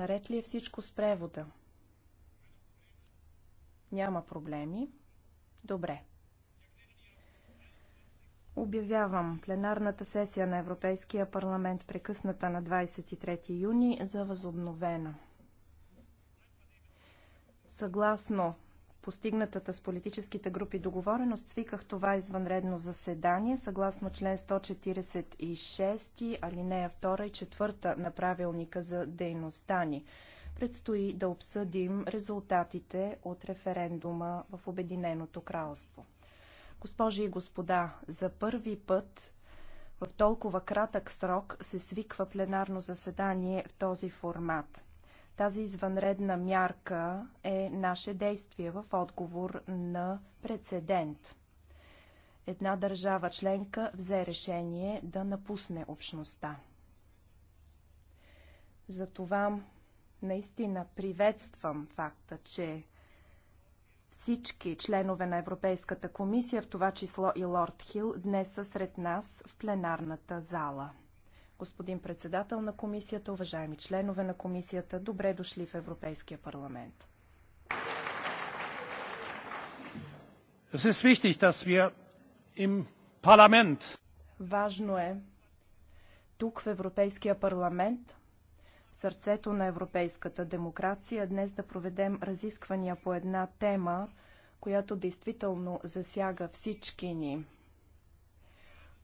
Наред ли е всичко с превода? Няма проблеми. Добре. Обявявам пленарната сесия на Европейския парламент, прекъсната на 23 юни, за възобновена. Съгласно постигнатата с политическите групи договореност, свиках това извънредно заседание, съгласно член 146, алинея 2 и 4 на правилника за дейността ни. Предстои да обсъдим резултатите от референдума в Обединеното кралство. Госпожи и господа, за първи път в толкова кратък срок се свиква пленарно заседание в този формат – тази извънредна мярка е наше действие в отговор на прецедент. Една държава членка взе решение да напусне общността. Затова наистина приветствам факта, че всички членове на Европейската комисия, в това число и Лорд Хил, днес са сред нас в пленарната зала. Господин председател на комисията, уважаеми членове на комисията, добре дошли в Европейския парламент. Важно е тук в Европейския парламент, в сърцето на европейската демокрация, днес да проведем разисквания по една тема, която действително засяга всички ни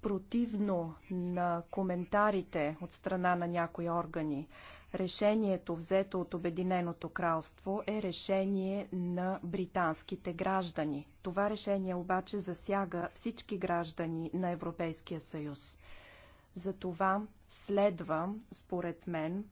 противно на коментарите от страна на някои органи. Решението, взето от Обединеното кралство, е решение на британските граждани. Това решение обаче засяга всички граждани на Европейския съюз. Затова следва, според мен,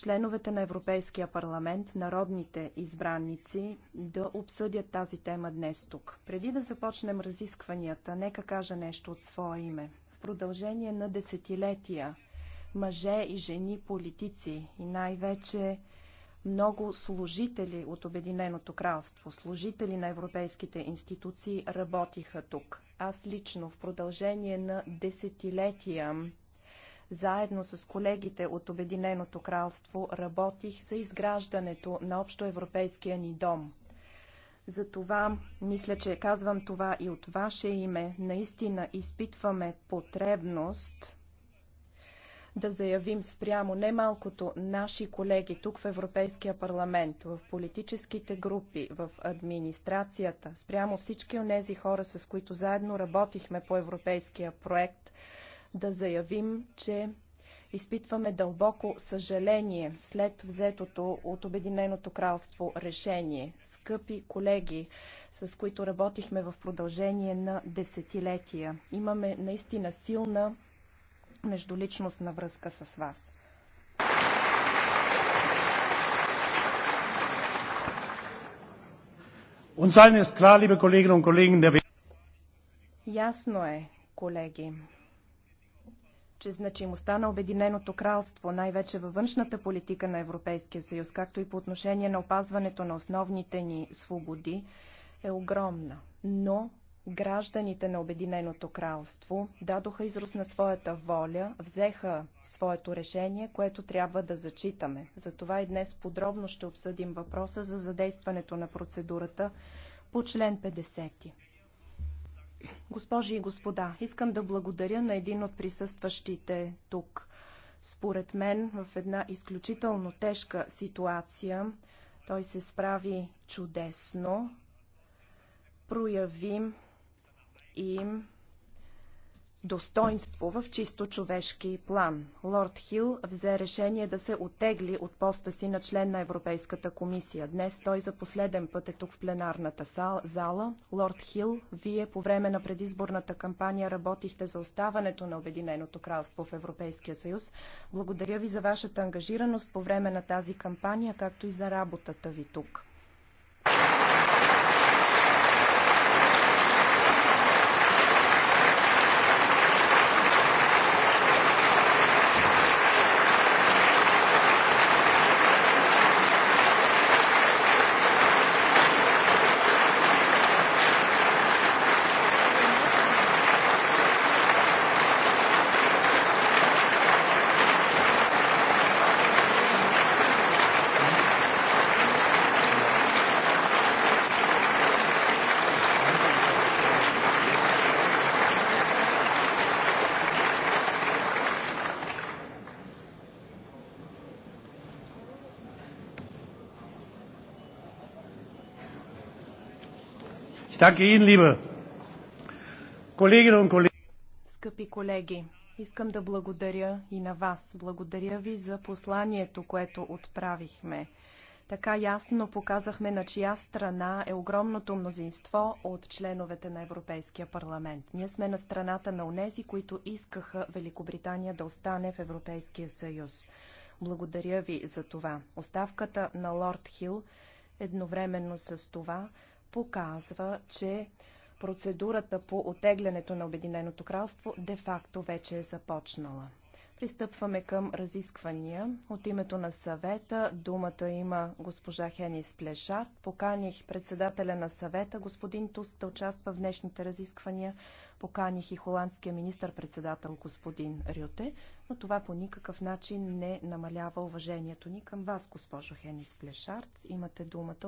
членовете на Европейския парламент, народните избранници, да обсъдят тази тема днес тук. Преди да започнем разискванията, нека кажа нещо от своя име. В продължение на десетилетия мъже и жени политици и най-вече много служители от Обединеното кралство, служители на европейските институции работиха тук. Аз лично в продължение на десетилетия заедно с колегите от Обединеното кралство работих за изграждането на общо европейския ни дом. Затова мисля, че казвам това и от ваше име. Наистина изпитваме потребност да заявим спрямо немалкото наши колеги тук в Европейския парламент, в политическите групи, в администрацията, спрямо всички от тези хора, с които заедно работихме по европейския проект, да заявим, че изпитваме дълбоко съжаление след взетото от Обединеното кралство решение. Скъпи колеги, с които работихме в продължение на десетилетия, имаме наистина силна междуличностна връзка с вас. Ясно е, колеги, че значимостта на Обединеното кралство, най-вече във външната политика на Европейския съюз, както и по отношение на опазването на основните ни свободи, е огромна. Но гражданите на Обединеното кралство дадоха израз на своята воля, взеха своето решение, което трябва да зачитаме. Затова и днес подробно ще обсъдим въпроса за задействането на процедурата по член 50. Госпожи и господа, искам да благодаря на един от присъстващите тук. Според мен, в една изключително тежка ситуация, той се справи чудесно, Проявим им достоинство в чисто човешки план. Лорд Хил взе решение да се отегли от поста си на член на Европейската комисия. Днес той за последен път е тук в пленарната зала. Лорд Хил, вие по време на предизборната кампания работихте за оставането на Обединеното кралство в Европейския съюз. Благодаря ви за вашата ангажираност по време на тази кампания, както и за работата ви тук. Скъпи колеги, искам да благодаря и на вас. Благодаря ви за посланието, което отправихме. Така ясно показахме на чия страна е огромното мнозинство от членовете на Европейския парламент. Ние сме на страната на унези, които искаха Великобритания да остане в Европейския съюз. Благодаря ви за това. Оставката на Лорд Хил едновременно с това показва, че процедурата по отеглянето на Обединеното кралство де-факто вече е започнала. Пристъпваме към разисквания. От името на съвета думата има госпожа Хенис Плешарт. Поканих председателя на съвета, господин Туск, да участва в днешните разисквания. Поканих и холандския министр-председател, господин Рюте, но това по никакъв начин не намалява уважението ни към вас, госпожо Хенис Плешарт. Имате думата